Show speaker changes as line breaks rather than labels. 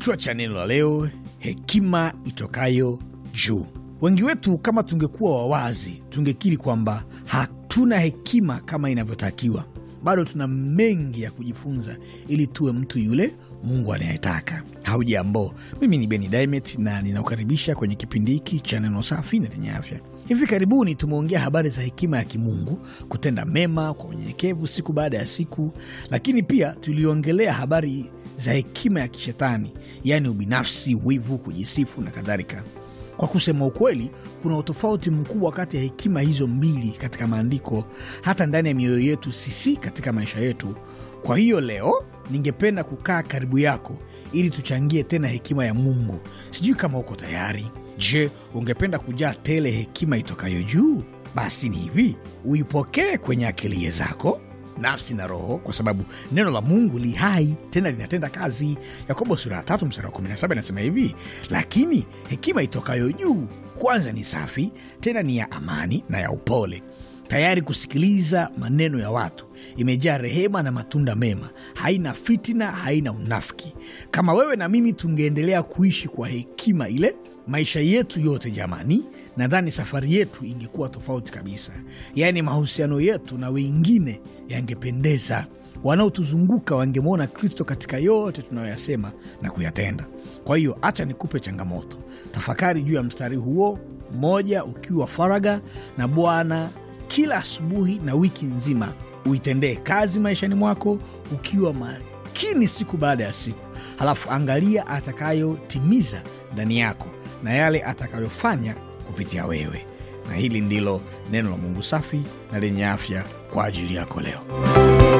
Kichwa cha neno la leo, hekima itokayo juu. Wengi wetu kama tungekuwa wawazi, tungekiri kwamba hatuna hekima kama inavyotakiwa. Bado tuna mengi ya kujifunza ili tuwe mtu yule Mungu anayetaka. Haujambo, mimi ni Beni Dimet na ninakukaribisha kwenye kipindi hiki cha neno safi na lenye afya. Hivi karibuni tumeongea habari za hekima ya kimungu, kutenda mema kwa unyenyekevu siku baada ya siku, lakini pia tuliongelea habari za hekima ya kishetani, yaani ubinafsi, wivu, kujisifu na kadhalika. Kwa kusema ukweli, kuna utofauti mkubwa kati ya hekima hizo mbili katika maandiko, hata ndani ya mioyo yetu sisi katika maisha yetu. Kwa hiyo leo ningependa kukaa karibu yako ili tuchangie tena hekima ya Mungu. Sijui kama uko tayari. Je, ungependa kujaa tele hekima itokayo juu? Basi ni hivi, uipokee kwenye akilie zako nafsi na roho, kwa sababu neno la Mungu li hai tena linatenda kazi. Yakobo sura ya tatu msara wa 17 inasema hivi, lakini hekima itokayo juu kwanza ni safi, tena ni ya amani na ya upole tayari kusikiliza maneno ya watu, imejaa rehema na matunda mema, haina fitina, haina unafiki. Kama wewe na mimi tungeendelea kuishi kwa hekima ile maisha yetu yote jamani, nadhani safari yetu ingekuwa tofauti kabisa. Yaani mahusiano yetu na wengine yangependeza, wanaotuzunguka wangemwona Kristo katika yote tunayoyasema na kuyatenda. Kwa hiyo hacha nikupe changamoto, tafakari juu ya mstari huo mmoja ukiwa faraga na Bwana kila asubuhi na wiki nzima. Uitendee kazi maishani mwako ukiwa makini siku baada ya siku, halafu angalia atakayotimiza ndani yako na yale atakayofanya kupitia wewe. Na hili ndilo neno la Mungu safi na lenye afya kwa ajili yako leo.